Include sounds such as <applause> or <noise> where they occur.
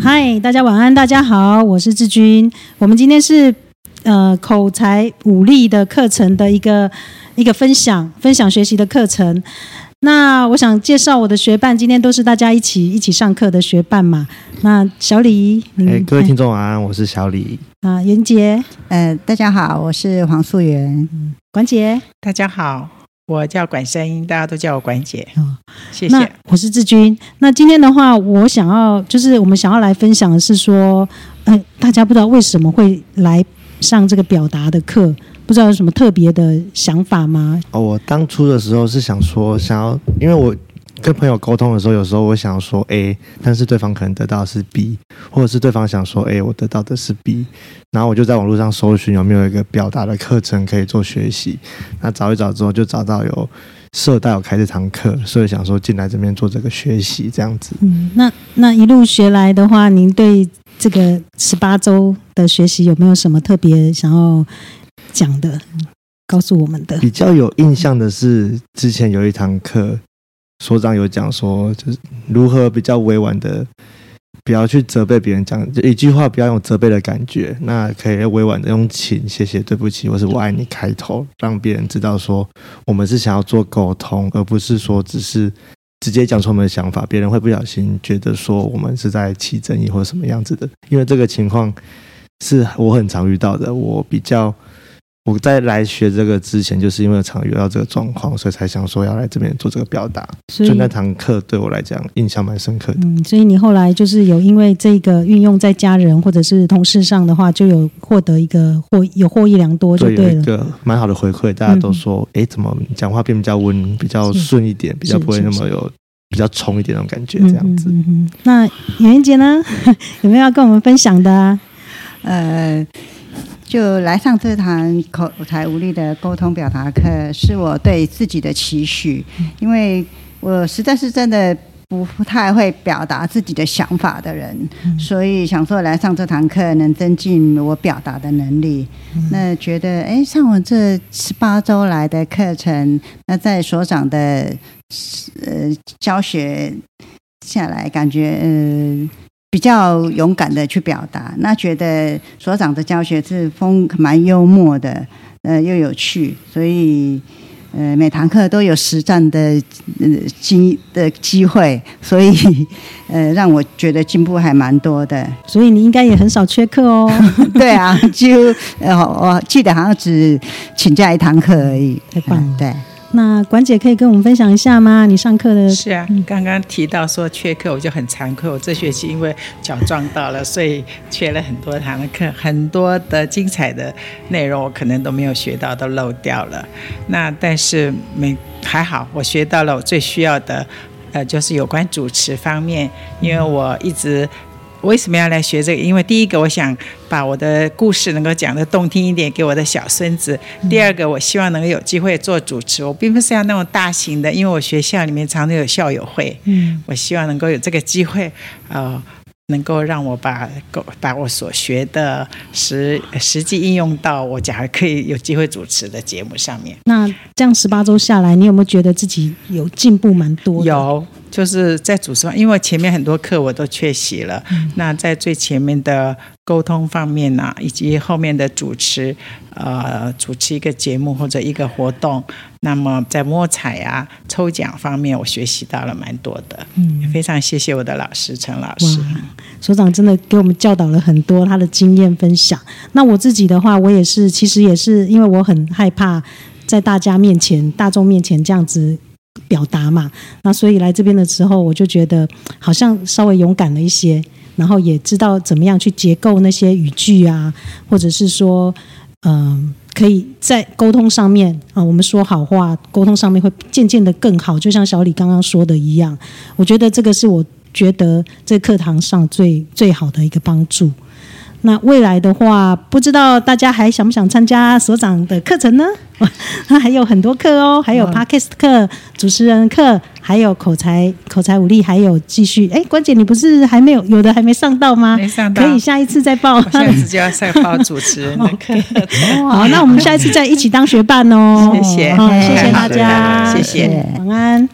嗨，Hi, 大家晚安，大家好，我是智鈞。我們今天是呃口才五力的課程的一個一個分享，分享學習的課程。那我想介紹我的學伴，今天都是大家一起一起上課的學伴嘛。那小李，哎、欸，各位聽眾晚安，嗨我是小李。啊、呃，圓姐，呃，大家好，我是黃素媛。嗯、管姐，大家好。我叫管聲音，大家都叫我管姐。哦，謝謝。我是智鈞。那今天的話，我想要就是我們想要來分享的是說，嗯、呃，大家不知道為什麼會來上這個表達的課，不知道有什麼特別的想法嗎？哦，我當初的時候是想說，想要，因為我。跟朋友溝通的時候，有時候我想說 A，但是對方可能得到的是 B，或者是對方想說 A，我得到的是 B，然後我就在網絡上搜尋有沒有一個表達的課程可以做學習。那找一找之後，就找到有社大有開這堂課，所以想說進來這邊做這個學習這樣子。嗯，那那一路學來的話，您對這個十八周的學習有沒有什麼特別想要講的、告訴我們的？比較有印象的是，嗯、之前有一堂課。所長有講說，就是如何比較委婉的，不要去責備別人講，講一句話不要有責備的感覺，那可以委婉的用請、謝謝、對不起，或是我愛你開頭，讓別人知道說我們是想要做溝通，而不是說只是直接講出我們的想法，別人會不小心覺得說我們是在起爭議或者什麼樣子的。因為這個情況是我很常遇到的，我比較。我在來學這個之前，就是因為常遇到這個狀況，所以才想說要來這邊做這個表達。所以那堂課對我來講印象蠻深刻的。所以你後來就是有因為這個運用在家人或者是同事上的話，就有獲得一個獲有獲益良多，就對了，對，蠻好的回饋。大家都說，哎、嗯，怎麼講話變比較穩，比較順一點，比較不會那麼有比較衝一點那種感覺，這樣子。嗯，嗯，嗯，嗯，那圓姐呢？ <laughs> 有沒有要跟我們分享的啊？ <laughs> 呃。就來上這堂口才五力的溝通表達課，是我對自己的期許，因為我實在是真的不太會表達自己的想法的人，所以想說來上這堂課能增進我表達的能力。那覺得，哎，上完這十八周來的課程，那在所長的呃教學下來，感覺嗯、呃。比較勇敢的去表達，那覺得所長的教學是風蠻幽默的，呃，又有趣，所以呃，每堂課都有實戰的呃機的機會，所以呃，讓我覺得進步還蠻多的。所以你應該也很少缺課哦？ <laughs> 對啊，就呃，我記得好像只請假一堂課而已，嗯，太棒了。呃，對。那管姐，可以跟我們分享一下嗎？你上課的是啊，你剛剛提到說缺課，我就很慚愧。我這學期因為腳撞到了，所以缺了很多堂的課，很多的精彩的內容我可能都沒有學到，都漏掉了。那但是沒還好，我學到了我最需要的，呃，就是有關主持方面，因為我一直。為什麼要來學這個？因為第一個，我想把我的故事能夠講得動聽一點給我的小孫子；第二個，我希望能夠有機會做主持。我並不是要那種大型的，因為我學校裡面常常有校友會。嗯，我希望能夠有這個機會，呃，能夠讓我把把，我所學的實實際應用到我假如可以有機會主持的節目上面。那這樣十八周下來，你有沒有覺得自己有進步蠻多？有。就是在主持方，因為我前面很多課我都缺席了。嗯、那在最前面的溝通方面呢、啊，以及後面的主持，呃，主持一個節目或者一個活動，那麼在摸彩啊、抽獎方面，我學習到了蠻多的。嗯，非常謝謝我的老師陳老師，所長真的給我們教導了很多他的經驗分享。那我自己的話，我也是，其實也是，因為我很害怕在大家面前、大眾面前這樣子。表達嘛，那所以來這邊的時候，我就覺得好像稍微勇敢了一些，然後也知道怎麼樣去結構那些語句啊，或者是說，嗯、呃，可以在溝通上面啊、呃，我們說好話，溝通上面會漸漸的更好。就像小李剛剛說的一樣，我覺得這個是我覺得在課堂上最最好的一個幫助。那未來的話，不知道大家還想不想參加所長的課程呢？哦、那還有很多課哦，還有 Podcast 課、嗯、主持人課，還有口才口才五力，還有繼續。哎，管姐，你不是還沒有有的還沒上到嗎？沒上到，可以下一次再報。下一次就要再報主持人的課。好，那我們下一次再一起當學伴哦。謝謝、嗯，謝謝大家，對對對對謝謝。晚安。